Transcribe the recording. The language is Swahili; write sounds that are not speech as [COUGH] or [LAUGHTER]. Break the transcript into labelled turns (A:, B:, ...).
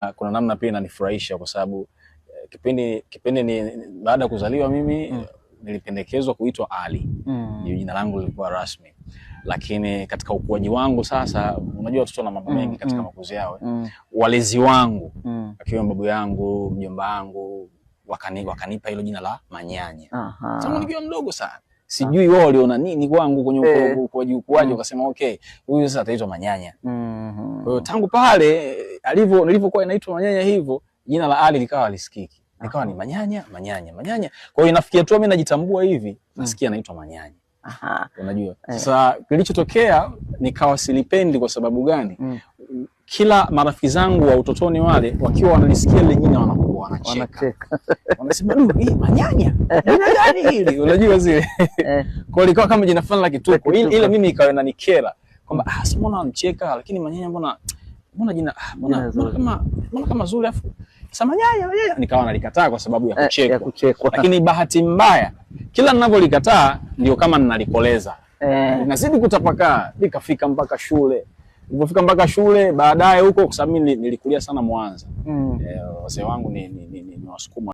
A: Ah, kuna namna pia inanifurahisha kwa sababu eh, kipindi kipindi ni baada ya kuzaliwa mimi mm. nilipendekezwa kuitwa Ali mm. jina langu lilikuwa rasmi, lakini katika ukuaji wangu sasa, unajua watoto na mambo mengi mm, katika mm. makuzi yao mm. walezi wangu mm. akiwa babu yangu mjomba wangu wakani, wakanipa hilo jina la Manyanya sababu nikiwa mdogo sana sijui ah. wao waliona nini kwangu kwenye eh. ukuaji ukuaji mm. wakasema okay, huyu sasa ataitwa Manyanya. Mhm. Kwa hiyo tangu pale alivyo nilivyokuwa inaitwa manyanya hivyo, jina la Ali likawa alisikiki, nikawa ni manyanya manyanya manyanya. Kwa hiyo inafikia tu mimi najitambua hivi, hmm. nasikia naitwa manyanya. Aha. Unajua eh. sasa kilichotokea nikawa silipendi. Kwa sababu gani? mm. Kila marafiki zangu wa utotoni wale wakiwa wanalisikia lile jina wanakuwa wanacheka, wanacheka. [LAUGHS] wanasema ndio hii manyanya jina gani hili? Unajua zile eh. kwa likawa kama jina fulani la kituko, ile mimi ikawa inanikera kwamba ah, si mbona anacheka, lakini manyanya mbona Ah, mbona jina mbona kama mbona kama zuri, afu sema yeye, nikawa nalikataa kwa sababu ya eh, kuchekwa, ya kuchekwa. Lakini bahati mbaya kila ninavyolikataa ndio kama ninalikoleza eh, nazidi kutapakaa, likafika mpaka shule nilipofika mpaka shule baadaye huko, kwa sababu mimi nilikulia sana Mwanza mm. E, wazee wangu ni, ni, ni, ni, ni Wasukuma.